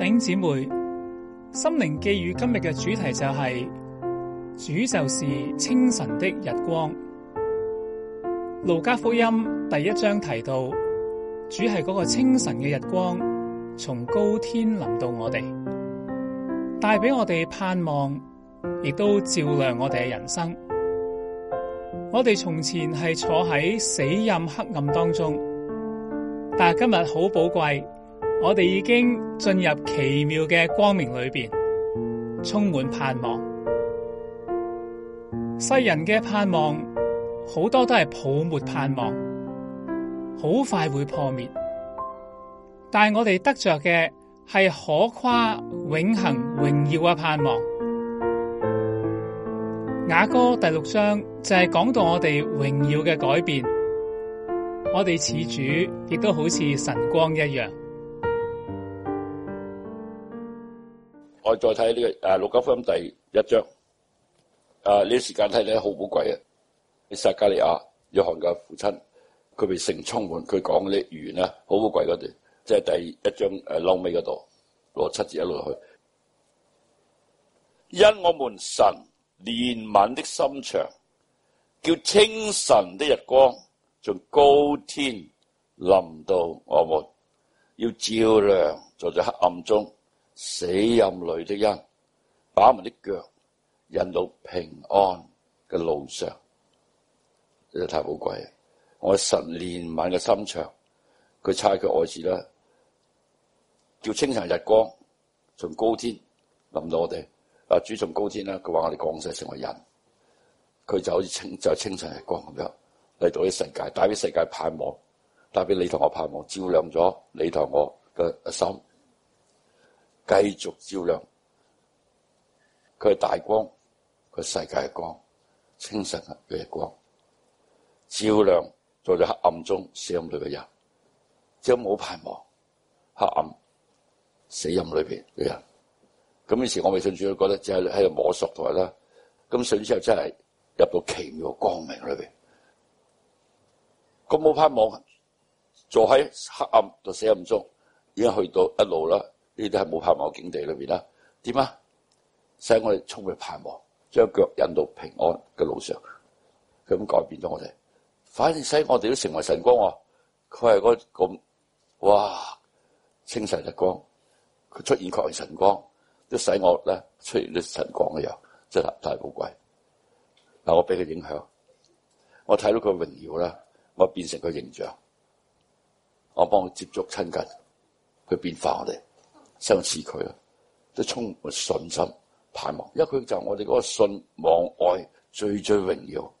弟兄姊妹，心靈寄語今日嘅主題就係、是、主就是清晨的日光。路加福音第一章提到，主係嗰個清晨嘅日光，從高天臨到我哋，帶畀我哋盼望，亦都照亮我哋嘅人生。我哋從前係坐喺死蔭黑暗當中，但係今日好寶貴。我哋已經進入奇妙嘅光明裏邊，充滿盼望。世人嘅盼望好多都係泡沫盼望，好快會破滅。但係我哋得着嘅係可誇永恆榮耀嘅盼望。雅歌第六章就係講到我哋榮耀嘅改變，我哋似主，亦都好似晨光一樣。我再睇呢、這個誒、啊，路加福音第一章，呢你時間睇睇，好寶貴啊！撒、啊、迦利亞，約翰嘅父親，佢被聖充滿，佢講啲語言啊，好寶貴嗰段，即係第一章誒，尾嗰度攞七字一路落去。因我們神憐憫的心腸，叫清晨的日光從高天臨到我們，要照亮坐在黑暗中，死蔭裡的人，把我們啲腳引到平安嘅路上，真係太寶貴。我神憐憫嘅心腸，佢差佢愛子啦，叫清晨日光從高天臨到我哋。啊，主從高天啦，佢話我哋降世成為人，佢就好似清就是、清晨日光咁樣嚟到呢世界，帶俾世界盼望，帶俾你同我盼望，照亮咗你同我嘅心。繼續照亮，佢係大光，佢世界嘅光，清晨嘅光，照亮坐在咗黑暗中死陰裏嘅人，只有冇盼望黑暗死陰裏邊嘅人。咁以前我未信主，覺得只係喺度摸索同埋啦。咁信之後，真係入到奇妙嘅光明裏邊。咁冇盼望，坐喺黑暗同死陰中，已經去到一路啦。呢啲係冇盼望嘅境地裏邊啦，點啊？使我哋充滿盼望，將腳引到平安嘅路上，佢咁改變咗我哋。反而使我哋都成為神光喎！佢係、嗰個咁，哇！清晨日光，佢出現確係神光，都使我咧出現啲神光嘅樣，真係太寶貴。但我俾佢影響，我睇到佢榮耀咧，我變成佢形象，我幫佢接觸親近，佢變化我哋。相似佢咯，都充滿信心盼望，因為佢就係我哋嗰個信望愛最最榮耀、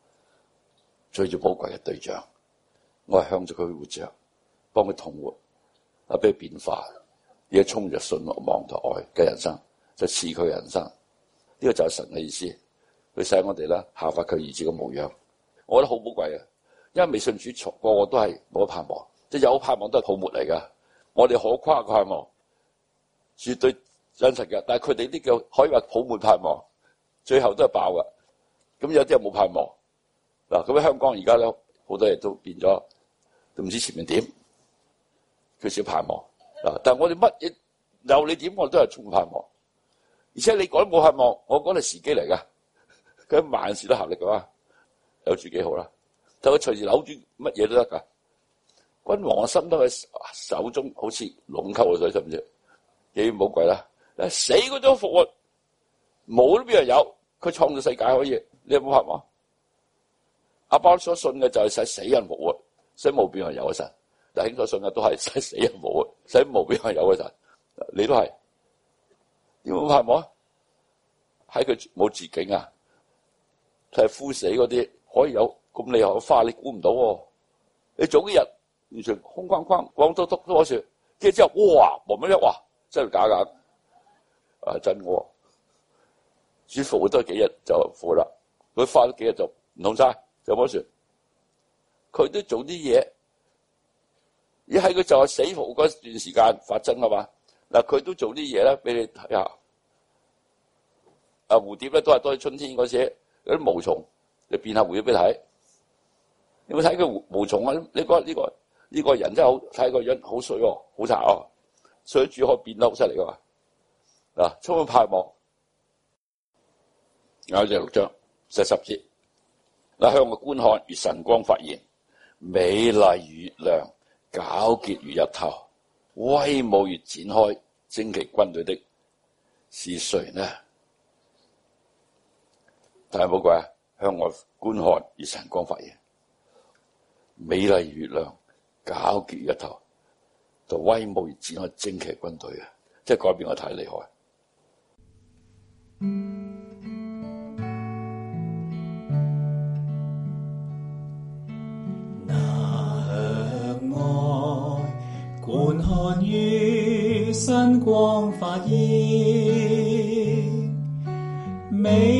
最最寶貴嘅對象。我係向住佢活着，幫佢同活，啊俾佢變化，而係充着信望同愛嘅人生，就似佢人生。呢、呢個就係神嘅意思，佢使我哋啦，效法佢兒子嘅模樣。我覺得好寶貴啊，因為未信主，個個，個都係冇得盼望，即係有盼望都係泡沫嚟噶。我哋可誇嘅盼望。絕對真實嘅，但係佢哋呢個可以話抱滿盼望，最後都係爆嘅。咁有啲人冇盼望，嗱，咁香港而家咧好多嘢都變咗，都唔知前面點，缺少盼望。嗱，但係我哋乜嘢有你點我都係充滿盼望，而且你講都冇盼望，我講係時機嚟㗎。佢萬事都合力㗎嘛，有住幾好啦？就佢隨時扭轉乜嘢都得㗎。君王嘅心都喺手中，好似隴溝嘅水，知唔.幾冇鬼啦！死嗰種復活冇都變成有，佢創造世界可以，你有冇拍冇？阿包所信嘅就係使死人復活，使冇變成有嘅神。但係所信嘅都係使，使死人復活，使冇變成有嘅神。你都係，你有冇拍我？喺佢冇自呀，啊，係枯死嗰啲可以有咁厲害嘅花，你估唔到喎、哦？你早幾日完全空框框光禿禿多雪，跟住之後哇，冇乜一話。真假假，啊真喎、哦，舒服都係幾日就富啦。佢花咗幾日就唔同晒。就冇事，佢都做啲嘢，一係佢就係死服嗰段時間發生噶嘛。嗱，佢都做啲嘢呢，俾你睇下。啊，蝴蝶咧都係多喺春天嗰時，有啲毛蟲，你變下蝴蝶俾你睇。你有冇睇佢毛蟲啊？你覺得呢、這個呢、這個人真係好睇，個樣好水喎，好茶。哦。水煮可變得好犀利噶嘛？嗱、啊，充分盼望，有一六章，第十,十節。嗱、啊，向外觀看，如晨光發現：「美麗月亮，皎潔如日頭，威武如展開，旌旗軍隊的，是誰呢？睇下冇鬼啊！向外觀看，如晨光發現：「美麗月亮，皎潔如日頭。就威武如展開旌旗軍隊啊！即改變我太厲害。那向外觀看，晨光發現。美。